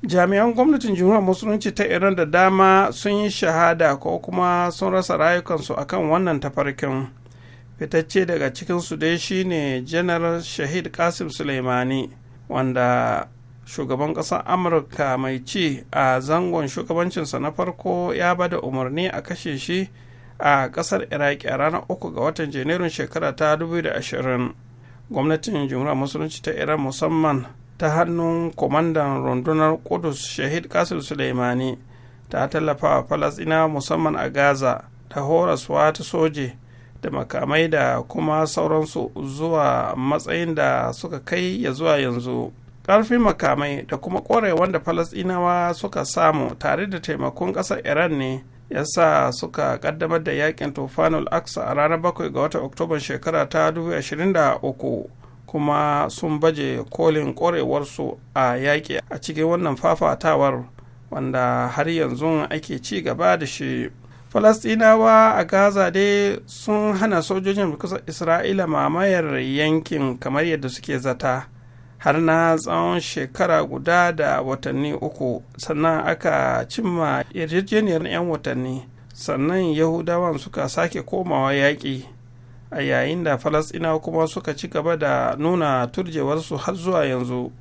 jami'an gwamnatin jihar musulunci ta iran da dama sun yi shahada ko kuma sun rasa rayukansu akan wannan tafarkin fitacce daga cikinsu dai shine janar shahid kasim suleimani wanda shugaban ƙasar amurka mai ci a zangon shugabancinsa na farko ya bada umarni a kashe shi a kasar iraki a ranar uku ga watan janairun shekara ta 2020 gwamnatin jumhuriyar musulunci ta iran musamman ta hannun kwamandan rundunar kudus shahid kasir suleimani ta tallafa wa falasina musamman a gaza ta horaswa ta soje da makamai da kuma sauransu zuwa matsayin da suka kai ya zuwa yanzu ƙarfin makamai da kuma ƙorewan da falasinawa suka samu tare da taimakon ƙasar iran ne yasa suka kaddamar da yakin tufanul aksa a ranar bakwai ga watan oktoban shekara ta 2023 kuma sun baje kolin korewarsu a yaƙi a cikin wannan fafatawar wanda har yanzu ake ci gaba da shi falastinawa a gaza dai sun hana sojojin kusa isra'ila mamayar yankin kamar yadda suke zata har na tsawon shekara guda da watanni uku sannan aka cimma yarjejeniyar 'yan watanni sannan yahudawan suka sake komawa yaƙi a yayin da falasɗinawa kuma suka ci gaba da nuna turjewarsu har zuwa yanzu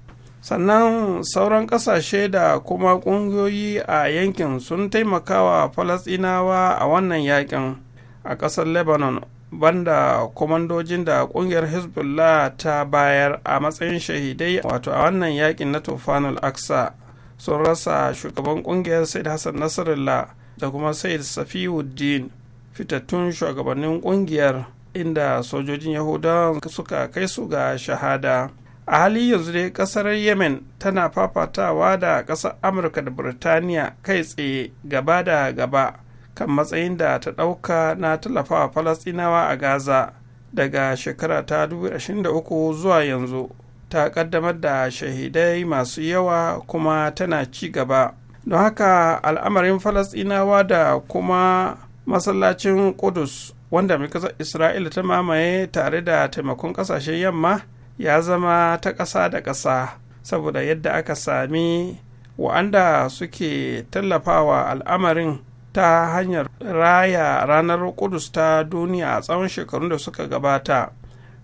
sannan sauran ƙasashe da kuma ƙungiyoyi a yankin sun taimakawa falasɗinawa a wannan yaƙin a ƙasar lebanon banda kwamandojin da kungiyar hezbollah ta bayar a matsayin shahidai wato a wannan yakin na tufanul aksa sun rasa shugaban kungiyar said hassan nasarallah da kuma said safiuddin fitattun shugabannin kungiyar inda sojojin yahudawan suka kai su ga shahada a hali yanzu dai kasar yemen tana fafatawa da kasar amurka da birtaniya kai tsaye gaba da gaba kan matsayin da ta ɗauka na tallafawa falasɗinawa a gaza daga shekara ta 2023 zuwa yanzu ta ƙaddamar da shahidai masu yawa kuma tana ci gaba don haka al'amarin falasɗinawa da kuma masallacin kudus wanda mikasar isra'ila ta mamaye tare da taimakon ƙasashen yamma ya zama ta ƙasa da ƙasa saboda yadda aka sami wa'anda suke tallafawa al'amarin ta hanyar raya ranar kudus ta duniya a tsawon shekarun da suka gabata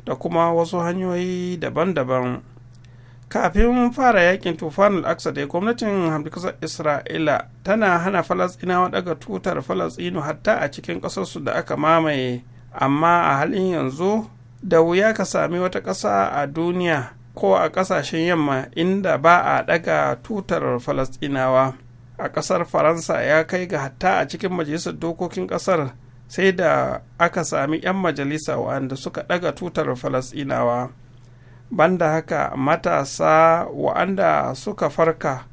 da kuma wasu hanyoyi daban-daban kafin fara yakin tufan aksa da gwamnatin hamdukasar isra'ila tana hana falasɗinawa daga tutar falasɗinu hatta a cikin ƙasarsu da aka mamaye amma a halin yanzu da wuya ka sami wata ƙasa a duniya ko a ƙasashen yamma inda ba a daga tutar falasɗinawa a ƙasar faransa ya kai ga hatta a cikin majalisar dokokin ƙasar sai da aka sami 'yan majalisa waɗanda suka ɗaga tutar falasinawa banda haka matasa wa'anda suka farka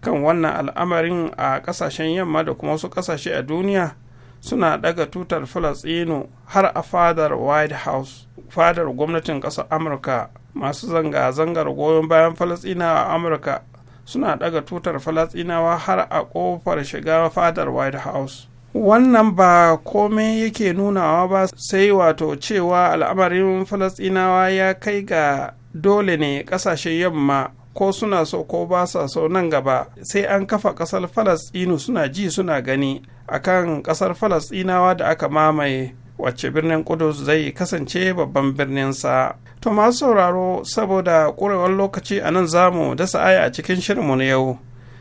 kan wannan al'amarin a ƙasashen yamma da kuma wasu ƙasashe a duniya suna ɗaga tutar falasino har a fadar white house fadar gwamnatin ƙasar amurka masu zanga-zangar goyon bayan falasina a amurka suna daga tutar falatsinawa har a kofar shiga fadar white house wannan ba kome yake nunawa ba sai wato cewa al'amarin falatsinawa ya kai ga dole ne kasashen yamma ko suna so ko ba sa so nan gaba sai an kafa kasar falasɗinu suna ji suna gani akan kasar falasɗinawa da aka mamaye wacce birnin kudus zai kasance babban birninsa to masu sauraro saboda ƙurewar lokaci a nan zamu dasa aya a cikin shirinmu na yau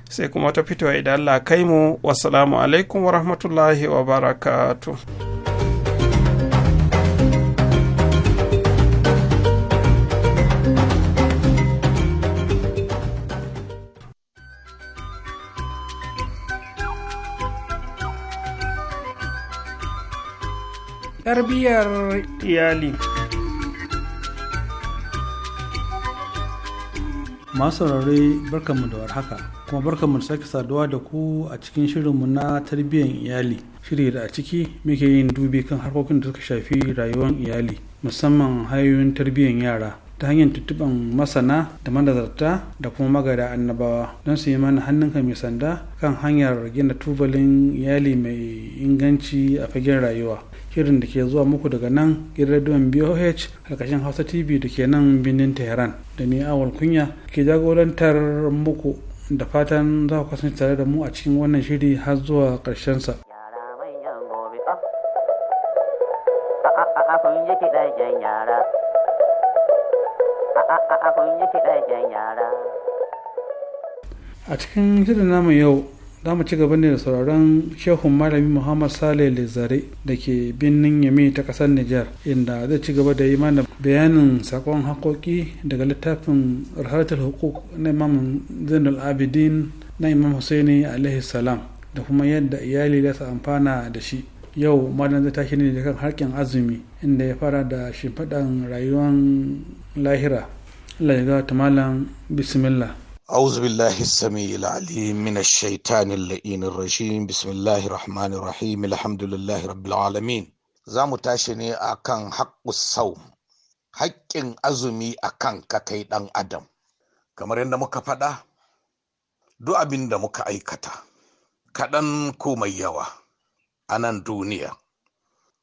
sai kuma ta fito idan Allah kai mu wassalamu alaikum wa rahmatullahi wa barakatuh tarbiyyar iyali masu rarrai barkanmu da warhaka kuma barkanmu da sake saduwa da ku a cikin shirinmu na tarbiyyar iyali shiri da a ciki muke yin dubi kan harkokin da suka shafi rayuwar iyali musamman hanyoyin tarbiyyar yara ta hanyar tuttuban masana da manazarta da kuma magada annabawa don su yi mana hannunka mai sanda kan hanyar gina tubalin iyali mai inganci a fagen rayuwa shirin da ke zuwa muku daga nan gidan boh karkashin hausa tv da ke nan birnin tehran da ni awal kunya ke jagorantar muku da fatan za ku kasance tare da mu a cikin wannan shiri har zuwa ƙarshensa. yara a cikin shirin namu yau za mu ci gaba ne da sauraron shehun malami muhammad saleh lezare da ke birnin yami ta kasar nijar inda zai ci gaba da yi mana bayanin sakon haƙoƙi daga littafin rahatul hukuk na imam zainul abidin na imam husaini alaihi salam da kuma yadda iyali za su amfana da shi yau malam zai tashi ne da kan harkin azumi inda ya fara da shimfiɗan rayuwan lahira Allah ya gata malam bismillah أعوذ بالله السميع العليم من الشيطان اللئين الرجيم بسم الله الرحمن الرحيم الحمد لله zamu tashi ne akan kan sau haƙƙin azumi akan ka kai ɗan adam kamar yadda muka faɗa duk abin da muka aikata kaɗan ko mai yawa a nan duniya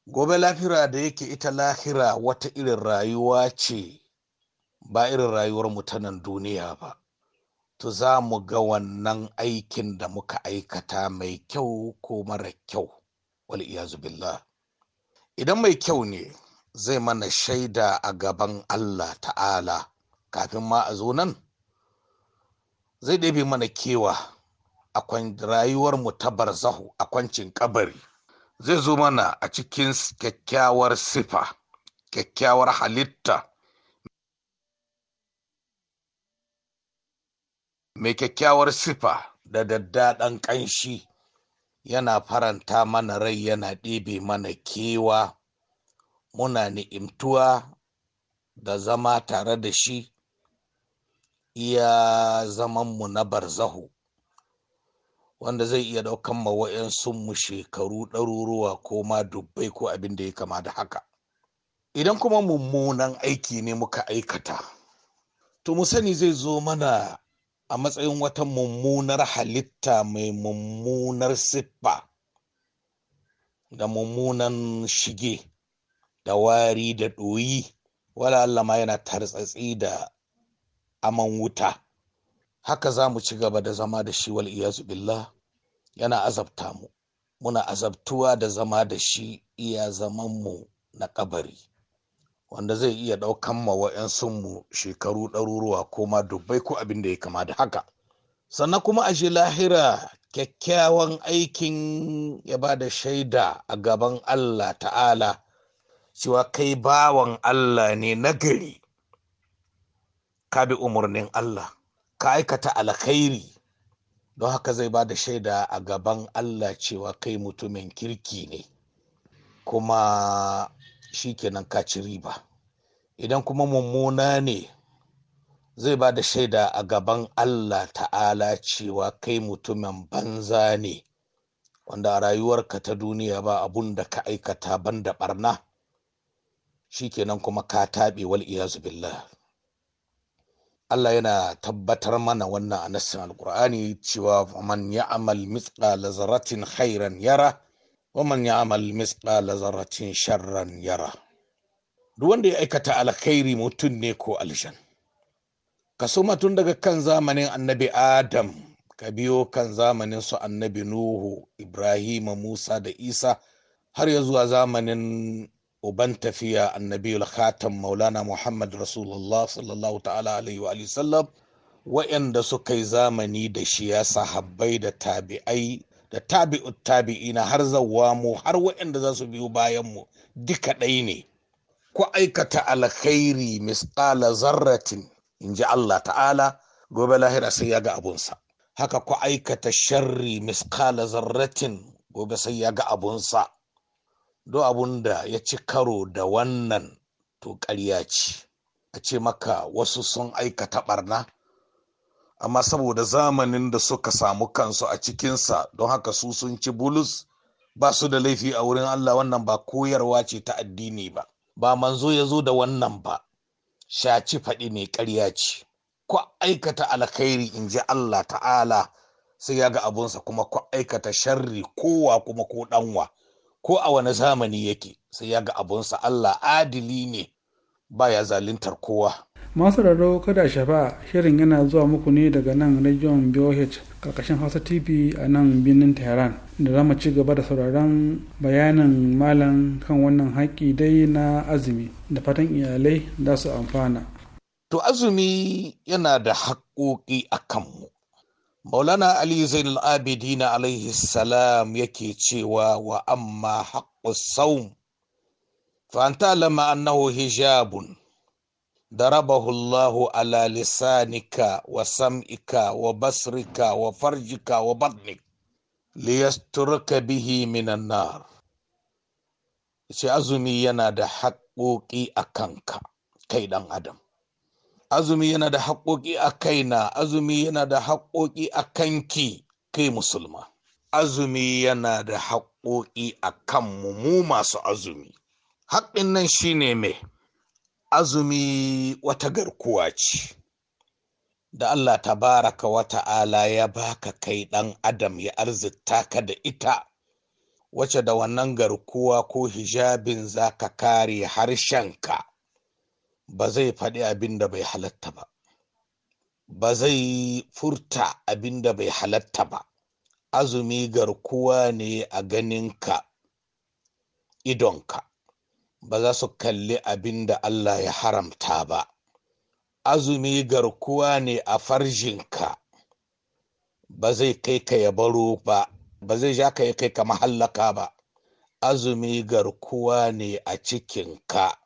gobe lafira da yake ita lahira wata irin rayuwa ce ba irin rayuwar mu ta nan duniya ba to za mu ga wannan aikin da muka aikata mai kyau ko mara kyau wal billah idan mai kyau ne zai mana shaida a gaban Allah ta'ala kafin ma a zo nan zai ɗabi mana kewa a rayuwar mu ta barzahu a kwancin kabari zai zo mana a cikin kyakkyawar sifa kyakkyawar halitta mai kyakkyawar sifa da daddaɗan ƙanshi yana faranta mana rai yana ɗebe mana kewa muna ni'imtuwa da zama tare da shi iya zamanmu na barzahu wanda zai iya ɗaukan ma mu shekaru ɗaruruwa ko ma dubbai ko abin da ya kama da haka idan kuma mummunan aiki ne muka aikata to mu sani zai zo mana a matsayin wata mummunar halitta mai mummunar siffa da mummunan shige da wari da ɗoyi wala Allah ma yana tartsatsi da aman wuta haka za mu ci gaba da zama da shi wal iyazu billah yana azabta mu muna azabtuwa da zama da shi iya zaman mu na kabari wanda zai iya ɗaukan ma wa'yansunmu shekaru ɗaruruwa ko ma dubbai ko abin da ya kama da haka sannan kuma a lahira kyakkyawan aikin ya ba da shaida a gaban allah ta'ala cewa kai bawan allah ne nagari ka bi umarnin allah ka aikata alkhairi don haka zai ba da shaida a gaban allah cewa kai mutumin kirki ne kuma shikenan ka ci riba idan kuma mummuna ne zai ba da shaida a gaban allah ta'ala cewa kai mutumin banza ne wanda a rayuwarka ta duniya ba abun da ka aikata ban da barna shikenan kuma ka taɓe wal iyazu billah Allah yana tabbatar mana wannan a nassin alkur'ani cewa man ya'mal mithqala zarratin khairan yara waman ya amal misqala zarratin sharran yara duk wanda ya aikata alkhairi mutum ne ko aljan kasuma tun daga kan zamanin annabi adam ka biyo kan zamanin su annabi nuhu Ibrahim, musa da isa har ya zuwa zamanin uban tafiya annabi khatam maulana muhammad rasulullah sallallahu ta'ala alaihi zamani da shi ya sahabbai da tabi'ai da tabi'ut tabi'ina har zawwa mu har waɗanda za su biyo bayan mu duka ɗai ne ku aikata alkhairi misqala zarratin in ji Allah ta'ala gobe lahira sai ya ga abunsa haka ku aikata sharri misqala zarratin gobe sai ya ga abunsa do abun da ya ci karo da wannan to ƙarya ce a ce maka wasu sun aikata ɓarna. amma saboda zamanin da suka samu kansu a cikinsa don haka su sun ci bulus ba su da laifi a wurin Allah wannan ba koyarwa ce ta addini ba ba manzo ya zo da wannan ba shaci faɗi ne ƙarya ce ku aikata alkhairi in ji Allah ta'ala sai ya ga abunsa kuma ku aikata sharri kowa kuma ko ɗanwa ko a wani zamani yake sai ya ga abunsa Allah adili ne ba ya zaluntar kowa masu raro kada shafa shirin yana zuwa muku ne daga nan region BOH karkashin Hausa TV a nan birnin Tehran da za mu ci gaba da sauraron bayanin malam kan wannan haƙƙi dai na azumi da fatan iyalai za su amfana. To azumi yana da haƙoƙi a kanmu. Maulana Ali Zainul Abidina alaihi salam yake cewa wa amma haƙƙus saum fa an annahu hijabun ضربه الله على لسانك وسمعك وبصرك وفرجك وبطنك ليسترك به من النار shi azumi yana da haƙoƙi a kanka kai ɗan adam azumi yana da haƙoƙi a kaina azumi yana da haƙoƙi a kanki kai musulma azumi yana da haƙoƙi a kanmu mu masu azumi haƙin nan shine mai azumi wata garkuwa ce da Allah Ta baraka wata ala ya baka kai ɗan adam ya arzita ka da ita wace da wannan garkuwa ko hijabin za ka kare harshenka ba zai faɗi abin da bai halatta ba ba zai furta abin da bai halatta ba azumi garkuwa ne a ganinka idonka ba za su kalli abin da Allah ya haramta ba. Azumi garkuwa ne a farjinka, ba zai kai ka ya baro ba, ba zai ja ka ya kai ka mahallaka ba. Azumi garkuwa ne a cikinka,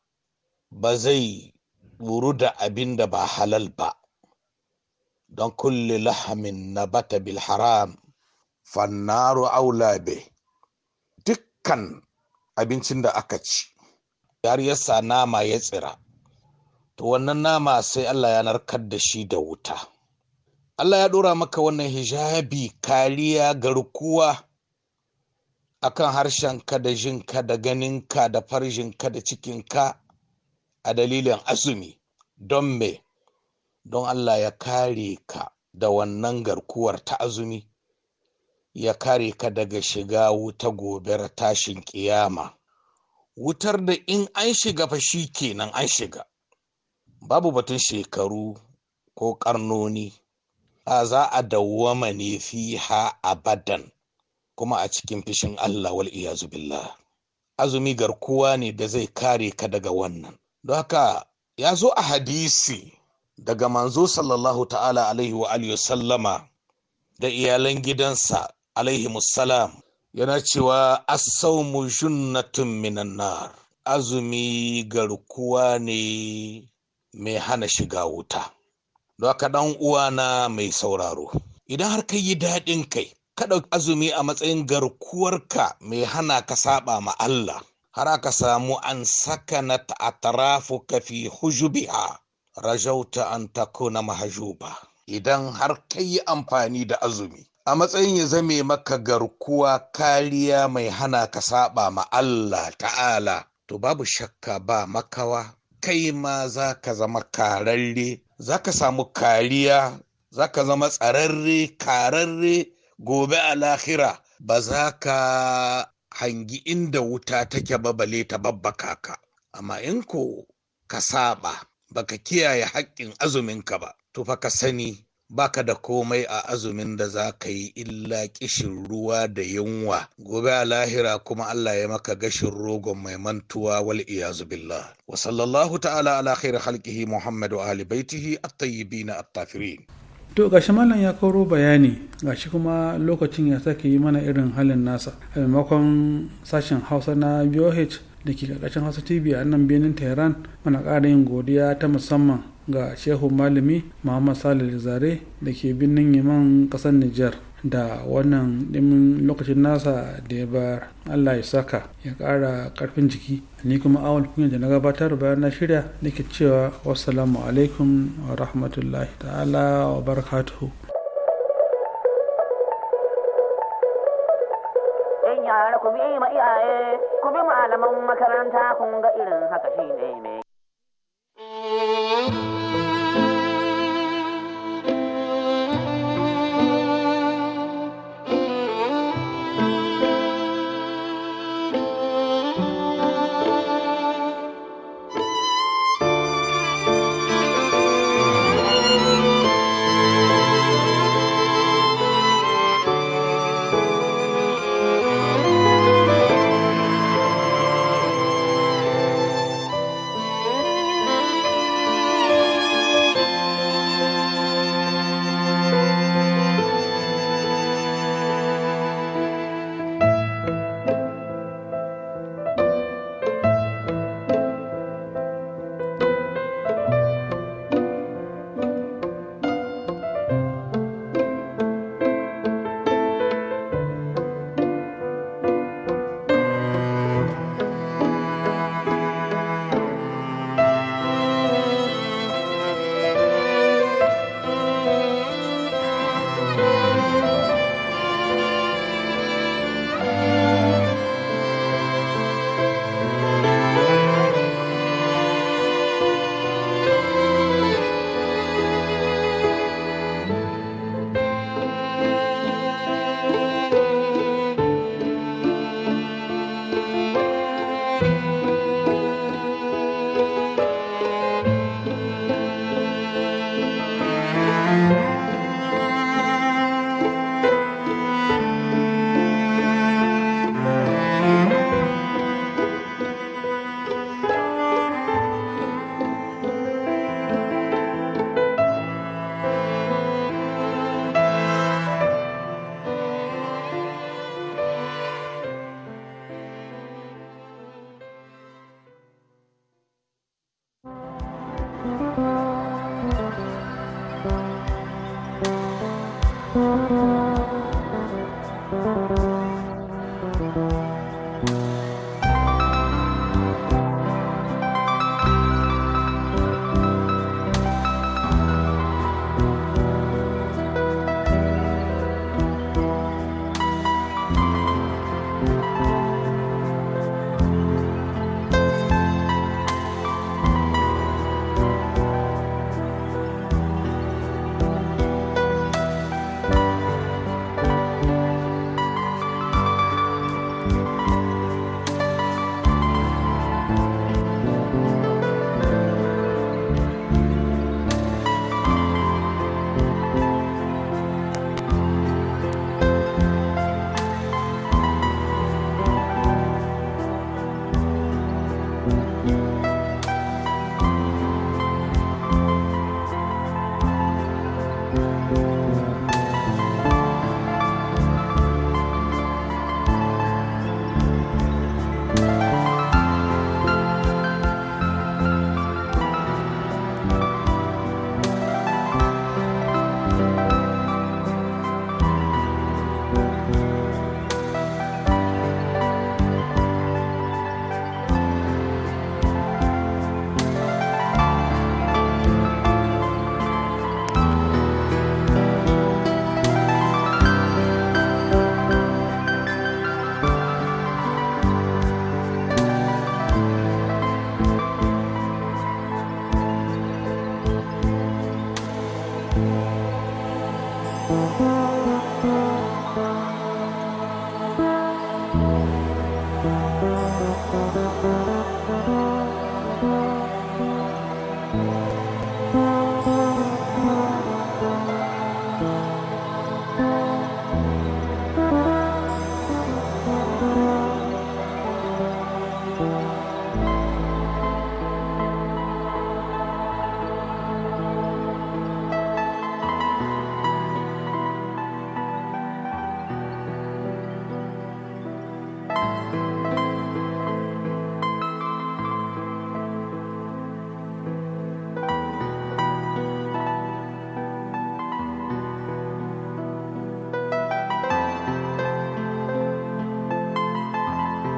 ba zai wuru da abin da ba halal ba. Don kulle lahamin na bata bil haram, fannaru aula be, dukkan abincin da aka ci. har ya nama ya tsira to wannan nama sai Allah ya narkar da shi da wuta Allah ya ɗora maka wannan hijabi kariya garkuwa akan harshen harshenka da ka da ganinka da farjinka da cikinka a dalilin azumi don me don Allah ya kare ka da wannan garkuwar ta azumi ya kare ka daga shiga wuta gobe tashin ƙiyama. wutar da in an shiga fa shi kenan an shiga babu batun shekaru ko karnoni a za a dawwama ne ha abadan kuma a cikin fishin Allah wal iyazu billah azumi garkuwa ne da zai kare ka daga wannan don haka ya zo a hadisi daga manzo sallallahu ta'ala alaihi wa alihi sallama da iyalan gidansa alaihi musallam yana cewa asaumu junnatun minan nar azumi garkuwa ne mai hana shiga wuta don haka dan uwana mai sauraro idan har ka yi daɗin kai ka ɗauki azumi a matsayin garkuwarka mai hana ka saba ma Allah har aka samu an saka na ta'atarafu ka fi hujubiha rajauta an takuna mahajuba idan har ka yi amfani da azumi a matsayin ya zame maka garkuwa kariya mai hana ka saba ma Allah ta'ala to babu shakka ba makawa kai ma za ka zama kararre za ka samu kariya za ka zama tsararre kararre gobe a lahira ba za ka hangi inda wuta take babale ta babba kaka. amma in ko ka saba baka kiyaye haƙƙin azuminka ba to fa ka sani baka da komai a azumin da za ka yi illa kishin ruwa da yunwa gobe a lahira kuma Allah ya maka gashin rogon mai mantuwa wal iyazu wa sallallahu ta'ala ala khairi halkihi muhammadu ali baitihi at-tayyibin at-tafirin to gashi malam ya koro bayani gashi kuma lokacin ya sake yi mana irin halin nasa a maimakon sashen hausa na boh da ke karkashin hausa tv a nan benin tehran muna ƙara yin godiya ta musamman ga shehu malami muhammad salih zare da ke birnin yaman kasar nijar da wannan dimin lokacin nasa da ya bayar allah ya saka ya ƙara karfin jiki ni kuma awon kunya da na gabatar bayan na shirya nake cewa wassalamu alaikum wa rahmatullahi ta'ala wa barakatuhu ku bi iyaye ku malaman makaranta kun ga irin haka shine